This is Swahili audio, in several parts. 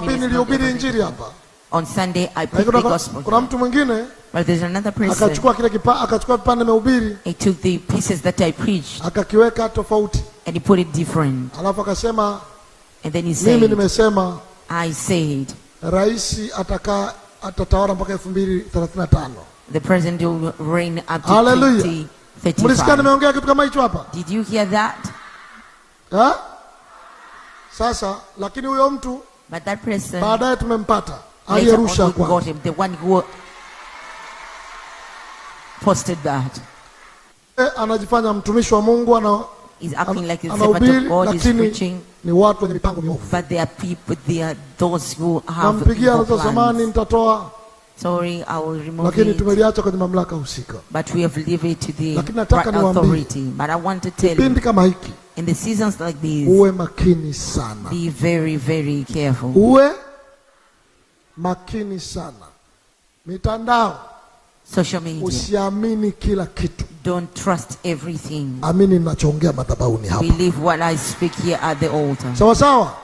Nilihubiri injili hapa. On Sunday I preached the gospel. Kuna mtu mwingine But there's another person. Akachukua kile kipa, akachukua vipande nimehubiri. He took the pieces that I preached. Akakiweka tofauti. And he put it different. Alafu akasema And then he said, mimi nimesema I said, rais atakaa atatawala mpaka 2035. The president will reign up to Hallelujah. 2035. Mlisikia nimeongea kitu kama hicho hapa? Did you hear that? Ha? Eh? Sasa lakini huyo mtu But that person baadaye tumempata aliyerusha eh, anajifanya mtumishi wa Mungu ana is acting ni watu wenye mipango miovu. But there are nitatoa lakini Tumeliacha kwenye mamlaka husika. lakini nataka right Kipindi kama hiki In the seasons like these, uwe makini sana. Be very, very careful. Uwe makini sana. Mitandao. Social media. Usiamini kila kitu. Don't trust everything. Amini ninachoongea madhabahuni hapa. Believe what I speak here at the altar. Sawa sawa.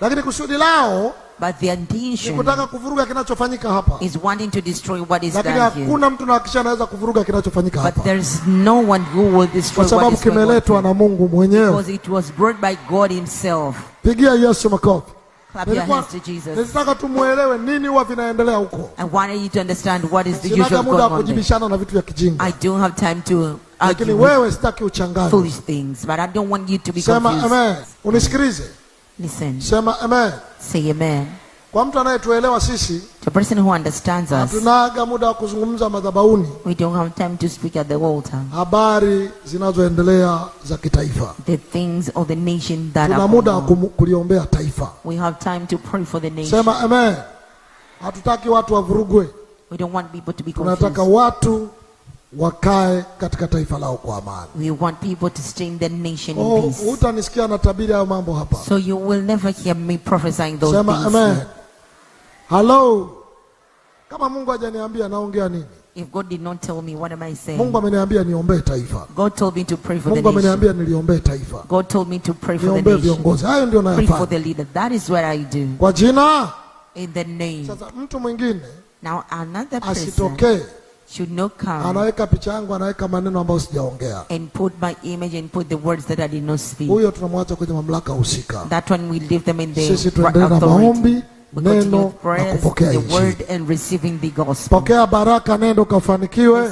Lakini kusudi lao But the intention nikutaka kuvuruga kinachofanyika hapa, is wanting to destroy what is done here. Lakini hakuna mtu nahakisha anaweza kuvuruga kinachofanyika hapa, but there is no one who will destroy what is done. on, kwa sababu kimeletwa na Mungu mwenyewe, because it was brought by God himself. Pigia Yesu makofi. Nataka tumuelewe nini huwa vinaendelea huko. Sina muda wa kujibishana na vitu vya kijinga, lakini wewe sitaki uchangani. Sema amen. Unisikilize. Listen. Sema amen. Say amen. Kwa mtu anayetuelewa sisi, the person who understands us, tunaaga muda wa kuzungumza madhabahuni, we don't have time to speak at the altar, habari zinazoendelea za kitaifa, the things of the nation that are, tuna muda wa kuliombea taifa, we have time to pray for the nation. Sema amen. Hatutaki watu wavurugwe, we don't want people to be confused, tunataka watu wakae katika taifa lao kwa amani. We want people to stay in their nation oh, in peace. Utanisikia na tabiri hayo mambo hapa. So you will never hear me prophesying those Sema, things. Amen. Hello. Kama Mungu hajaniambia naongea nini? If God did not tell me what am I saying? Mungu ameniambia niombee taifa. God told me to pray for Mungu the nation. Mungu ameniambia niliombee taifa. God told me to pray for the nation. Niombee viongozi. Hayo ndio nayafanya. Pray for the leader. That is what I do. Kwa jina in the name. Sasa mtu mwingine now another person asitokee should not come anaweka picha yangu anaweka maneno ambayo sijaongea and put my image and put the words that I did not speak huyo tunamwacha kwenye mamlaka husika that one we leave them in the sisi tuendelee na maombi neno na kupokea injili pokea baraka nenda ukafanikiwe